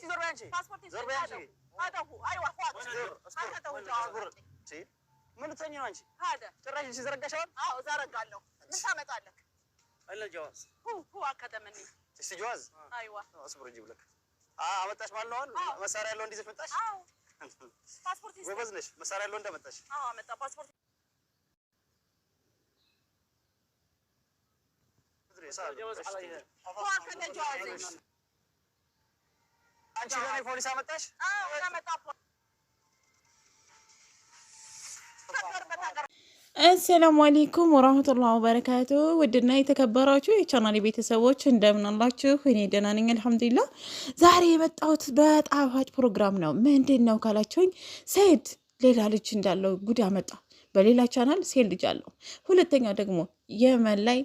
መሳሪያ ያለው እንደመጣሽ ፓስፖርት አንቺ ለኔ ፖሊስ አመጣሽ? አዎ አሰላሙ አሌይኩም ወራህመቱላሂ ወበረካቱ። ውድና የተከበራችሁ የቻናል ቤተሰቦች እንደምን አላችሁ? እኔ ደህና ነኝ አልሐምዱሊላህ። ዛሬ የመጣሁት በጣፋጭ ፕሮግራም ነው። ምንድን ነው ካላችሁኝ፣ ሰኢድ ሌላ ልጅ እንዳለው ጉድ አመጣ። በሌላ ቻናል ሴት ልጅ አለው። ሁለተኛ ደግሞ የመን ላይ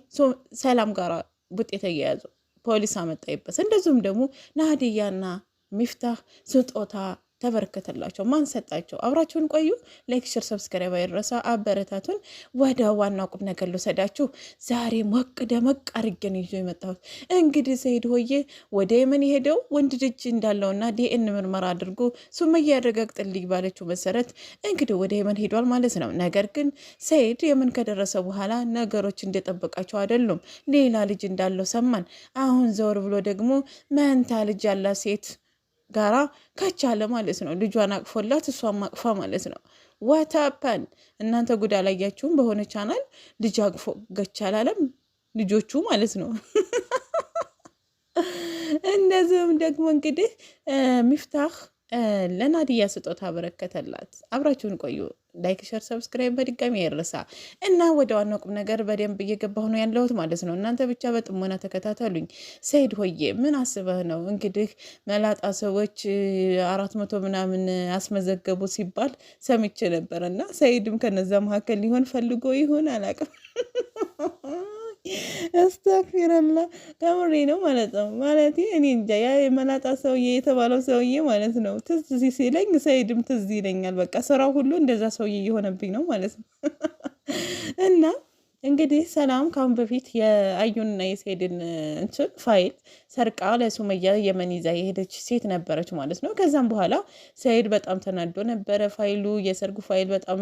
ሰላም ጋር ውጤት ተያያዙ ፖሊስ አመጣይበት። እንደዚሁም ደግሞ ናዲያና ሚፍታህ ስጦታ ተበረከተላቸው። ማን ሰጣቸው? አብራችሁን ቆዩ። ላይክ፣ ሸር፣ ሰብስክራይብ አይረሳ። አበረታቱን። ወደ ዋና ቁም ነገር ልውሰዳችሁ። ዛሬ ሞቅ ደመቅ አድርገን ይዞ የመጣሁት እንግዲህ ሰኢድ ሆዬ ወደ የመን የሄደው ወንድ ልጅ እንዳለውና ዲኤን ምርመራ አድርጎ ሱመያ ያረጋግጥልኝ ባለችው መሰረት እንግዲህ ወደ የመን ሄዷል ማለት ነው። ነገር ግን ሰኢድ የመን ከደረሰ በኋላ ነገሮች እንደጠበቃቸው አይደሉም። ሌላ ልጅ እንዳለው ሰማን። አሁን ዘወር ብሎ ደግሞ መንታ ልጅ ያላት ሴት ጋራ አለ ማለት ነው። ልጇን አቅፎላት እሷም አቅፋ ማለት ነው። ዋታፓን እናንተ ጉድ አላያችሁም? በሆነ ቻናል ልጅ አቅፎ ገቻል አለም ልጆቹ ማለት ነው። እንደዚህም ደግሞ እንግዲህ ሚፍታህ ለናዲያ ስጦታ በረከተላት። አብራችሁን ቆዩ። ላይክ፣ ሸር፣ ሰብስክራይብ በድጋሚ አይረሳ እና ወደ ዋናው ቁም ነገር በደንብ እየገባሁ ነው ያለሁት ማለት ነው። እናንተ ብቻ በጥሞና ተከታተሉኝ። ሰይድ ሆዬ ምን አስበህ ነው እንግዲህ መላጣ ሰዎች አራት መቶ ምናምን አስመዘገቡ ሲባል ሰምቼ ነበር እና ሰይድም ከነዛ መካከል ሊሆን ፈልጎ ይሆን አላቅም አስተክፊረላ ከምሬ ነው ማለት ነው። ማለት እኔ እንጃ ያ የመላጣ ሰውዬ የተባለው ሰውዬ ማለት ነው ትዝ ሲለኝ ሰይድም ትዝ ይለኛል። በቃ ስራው ሁሉ እንደዛ ሰውዬ እየሆነብኝ ነው ማለት ነው። እና እንግዲህ ሰላም ካሁን በፊት የአዩንና የሰይድን እንትን ፋይል ሰርቃ ለሱመያ የመን ይዛ የሄደች ሴት ነበረች ማለት ነው። ከዛም በኋላ ሰይድ በጣም ተናዶ ነበረ። ፋይሉ የሰርጉ ፋይል በጣም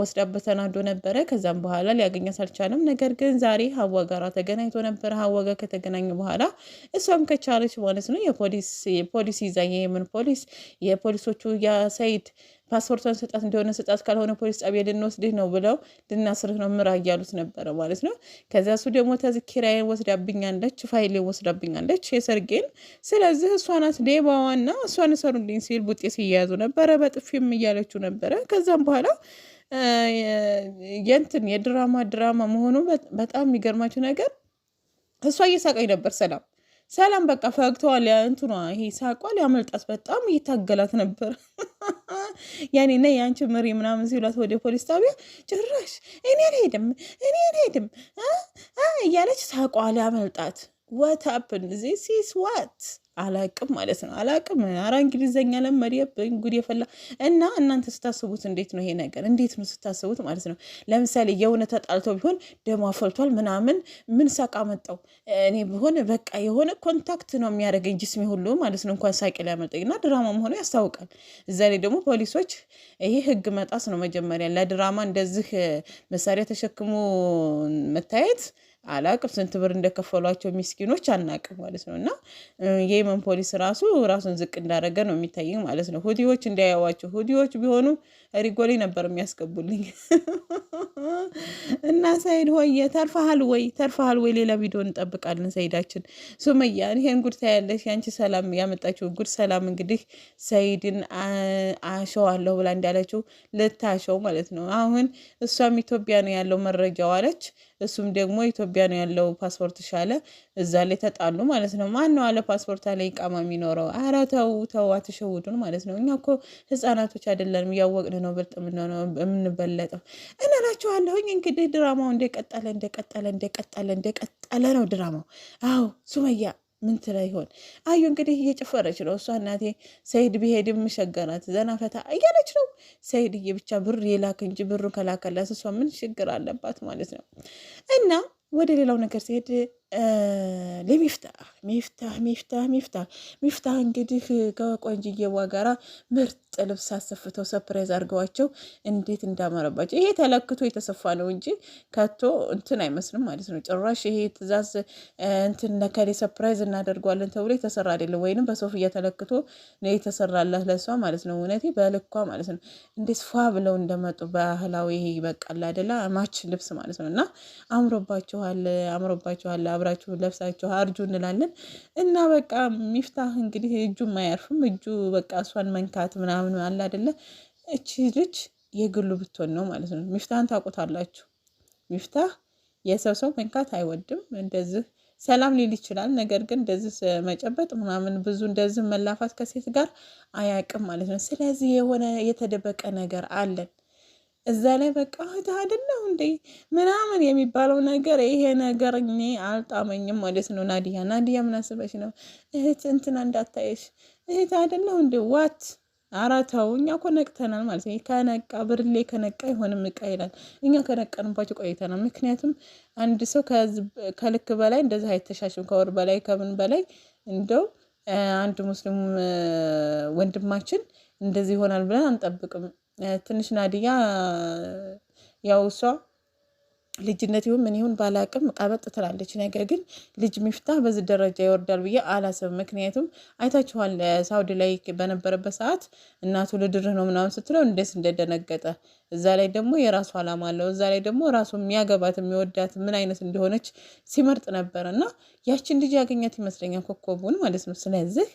ወስዳበት ተናዶ ነበረ። ከዛም በኋላ ሊያገኛት አልቻለም። ነገር ግን ዛሬ ሀዋ ጋራ ተገናኝቶ ነበረ። ሀዋ ጋር ከተገናኙ በኋላ እሷም ከቻለች ማለት ነው የፖሊስ ይዛ የየመን ፖሊስ የፖሊሶቹ ያ ሰይድ ፓስፖርቷን ስጣት እንደሆነ ስጣት፣ ካልሆነ ፖሊስ ጣቢያ ልንወስድህ ነው ብለው ልናስርህ ነው ምራ እያሉት ነበረ ማለት ነው። ከዚያ እሱ ደግሞ ተዝኪራዬን ወስዳብኛለች ፋይሌን ወስዳብኛለች ትሰራብኛለች የሰርጌን። ስለዚህ እሷ ናት ሌባዋና እሷን ሰሩልኝ ሲል ቡጤ ሲያያዙ ነበረ፣ በጥፊም እያለችው ነበረ። ከዛም በኋላ የንትን የድራማ ድራማ መሆኑ በጣም የሚገርማችሁ ነገር እሷ እየሳቀኝ ነበር ሰላም ሰላም በቃ ፈግተዋል። እንትኗ ይሄ ሳቋ ሊያመልጣት በጣም እየታገላት ነበር። ያኔ ና የአንቺ ምሪ ምናምን ሲሏት ወደ ፖሊስ ጣቢያ ጭራሽ እኔ አልሄድም እኔ አልሄድም እያለች ሳቋ ሊያመልጣት ወት ሀፕን ዚስ ኢዝ ዋት አላቅም ማለት ነው። አላቅም አራ እንግሊዘኛ ለመሪ ጉድ የፈላ እና እናንተ ስታስቡት እንዴት ነው ይሄ ነገር? እንዴት ነው ስታስቡት ማለት ነው? ለምሳሌ የሆነ ተጣልቶ ቢሆን ደሞ አፈልቷል ምናምን ምን ሳቅ አመጣው? እኔ ብሆን በቃ የሆነ ኮንታክት ነው የሚያደርገኝ ጅስሜ ሁሉ ማለት ነው። እንኳን ሳቂ ሊያመልጠኝ እና ድራማም ሆኖ ያስታውቃል። እዛ ላይ ደግሞ ፖሊሶች ይሄ ህግ መጣስ ነው መጀመሪያ ለድራማ እንደዚህ መሳሪያ ተሸክሞ መታየት አላቅም ስንት ብር እንደከፈሏቸው ሚስኪኖች አናቅም ማለት ነው። እና የየመን ፖሊስ ራሱ ራሱን ዝቅ እንዳደረገ ነው የሚታይ ማለት ነው። ሁዲዎች እንዳያዋቸው ሁዲዎች ቢሆኑ ሪጎሊ ነበር የሚያስገቡልኝ። እና ሰይድ ሆየ ተርፋሃል ወይ ተርፋሃል ወይ? ሌላ ቪዲዮ እንጠብቃለን። ሰይዳችን ሱመያ ይሄን ጉድ ታያለሽ። ያንቺ ሰላም ያመጣችው ጉድ ሰላም እንግዲህ ሰይድን አሸዋለሁ ብላ እንዳለችው ልታሸው ማለት ነው። አሁን እሷም ኢትዮጵያ ነው ያለው መረጃው አለች። እሱም ደግሞ ኢትዮጵያ ኢትዮጵያ ነው ያለው ፓስፖርት ሻለ እዛ ላይ ተጣሉ ማለት ነው። ማን ነው አለ ፓስፖርት ላይ ቃማ የሚኖረው? ኧረ ተው ተው፣ አትሸውዱን ማለት ነው። እኛ እኮ ህጻናቶች አይደለንም፣ እያወቅን ነው ብልጥ የምንበለጠው። እንላችኋለሁኝ እንግዲህ ድራማው እንደቀጠለ እንደቀጠለ እንደቀጠለ እንደቀጠለ ነው ድራማው። አዎ ሱመያ ምን ትላ ይሆን? አዩ እንግዲህ እየጨፈረች ነው እሷ። እናቴ ሰይድ ቢሄድም ሸገራት ዘና ፈታ እያለች ነው። ሰይድዬ ብቻ ብር የላክ እንጂ ብሩን ከላከላት እሷ ምን ችግር አለባት ማለት ነው እና ወደ ሌላው ነገር ሲሄድ ለሚፍታህ ሚፍታህ ሚፍታህ ሚፍታህ ሚፍታህ እንግዲህ ከቆንጅዬዋ ጋራ ምርጥ ልብስ አሰፍተው ሰፕራይዝ አድርገዋቸው እንዴት እንዳመረባቸው። ይሄ ተለክቶ የተሰፋ ነው እንጂ ከቶ እንትን አይመስልም ማለት ነው። ጭራሽ ይሄ ትእዛዝ እንትን ነከሌ ሰፕራይዝ እናደርገዋለን ተብሎ የተሰራ አይደለም፣ ወይንም በሶፍያ ተለክቶ የተሰራላት ለሷ ማለት ነው። እውነቴ በልኳ ማለት ነው። እንዴት ፏ ብለው እንደመጡ ባህላዊ ይሄ ይበቃል አይደለ? ማች ልብስ ማለት ነው። እና አምሮባችኋል፣ አምሮባችኋል አብራችሁ ለብሳችሁ አርጁ እንላለን። እና በቃ ሚፍታህ እንግዲህ እጁም አያርፍም። እጁ በቃ እሷን መንካት ምናምን አለ አይደለ? እቺ ልጅ የግሉ ብትሆን ነው ማለት ነው። ሚፍታህን ታውቁታላችሁ። ሚፍታህ የሰው ሰው መንካት አይወድም። እንደዚህ ሰላም ሊል ይችላል። ነገር ግን እንደዚህ መጨበጥ ምናምን ብዙ እንደዚህ መላፋት ከሴት ጋር አያውቅም ማለት ነው። ስለዚህ የሆነ የተደበቀ ነገር አለን። እዛ ላይ በቃ እህት አይደለሁ እንዴ ምናምን የሚባለው ነገር ይሄ ነገር እኔ አልጣመኝም ማለት ነው። ናዲያ ናዲያ ምን አስበሽ ነው እህት እንትና እንዳታየሽ እህት አይደለሁ እንዴ ዋት አራታው እኛ እኮ ነቅተናል ማለት ነው። ከነቃ ብርሌ ከነቃ አይሆንም እቃ ይላል። እኛ ከነቀንባቸው ቆይተናል። ምክንያቱም አንድ ሰው ከልክ በላይ እንደዚህ አይተሻሽም። ከወር በላይ ከምን በላይ እንደው አንድ ሙስሊም ወንድማችን እንደዚህ ይሆናል ብለን አንጠብቅም። ትንሽ ናድያ ያው እሷ ልጅነት ይሁን ምን ይሁን ባላቅም ቀበጥ ትላለች። ነገር ግን ልጅ ሚፍታህ በዚህ ደረጃ ይወርዳል ብዬ አላሰብም። ምክንያቱም አይታችኋል፣ ሳውዲ ላይ በነበረበት ሰዓት እናቱ ልድርህ ነው ምናምን ስትለው እንዴት እንደደነገጠ። እዛ ላይ ደግሞ የራሱ አላማ አለው። እዛ ላይ ደግሞ ራሱ የሚያገባት የሚወዳት ምን አይነት እንደሆነች ሲመርጥ ነበር። እና ያችን ልጅ ያገኛት ይመስለኛል ኮከቡን ማለት ነው። ስለዚህ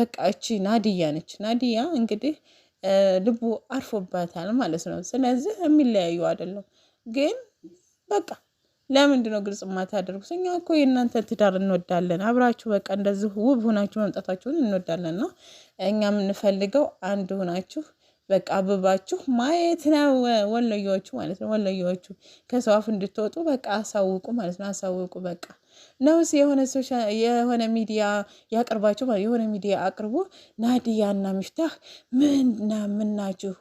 በቃ እቺ ናድያ ነች። ናዲያ እንግዲህ ልቡ አርፎበታል ማለት ነው። ስለዚህ የሚለያዩ አይደለም ግን በቃ ለምንድን ነው ግልጽ የማታደርጉት? እኛ እኮ የእናንተ ትዳር እንወዳለን። አብራችሁ በቃ እንደዚህ ውብ ሆናችሁ መምጣታችሁን እንወዳለን ና እኛ የምንፈልገው አንድ ሆናችሁ በቃ አብባችሁ ማየት ነው። ወለዮቹ ማለት ነው። ወለዮቹ ከሰው አፍ እንድትወጡ በቃ አሳውቁ ማለት ነው። አሳውቁ በቃ ነውስ የሆነ የሆነ ሚዲያ ያቅርባችሁ የሆነ ሚዲያ አቅርቦ ናዲያና ሚፍታህ ምንና ምናችሁ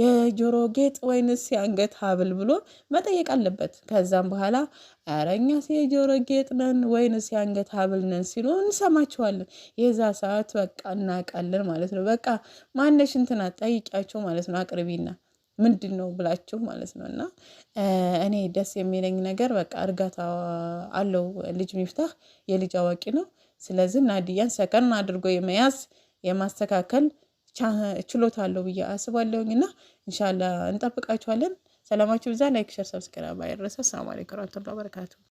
የጆሮ ጌጥ ወይንስ የአንገት ሀብል ብሎ መጠየቅ አለበት። ከዛም በኋላ አረኛስ የጆሮ ጌጥ ነን ወይንስ የአንገት ሀብል ነን ሲሉ እንሰማችኋለን። የዛ ሰዓት በቃ እናቃለን ማለት ነው። በቃ ማነሽ እንትና ጠይቂያቸው ማለት ነው አቅርቢና ምንድን ነው ብላችሁ ማለት ነው። እና እኔ ደስ የሚለኝ ነገር በቃ እርጋታ አለው ልጅ ሚፍታህ የልጅ አዋቂ ነው። ስለዚህ ናዲያን ሰከን አድርጎ የመያዝ የማስተካከል ችሎታ አለው ብዬ አስባለሁኝ። እና እንሻላ እንጠብቃችኋለን። ሰላማችሁ ብዛ። ላይክ፣ ሸር፣ ሰብስክራይብ አይረሳ። ሰላም አለይኩም ወረህመቱላሂ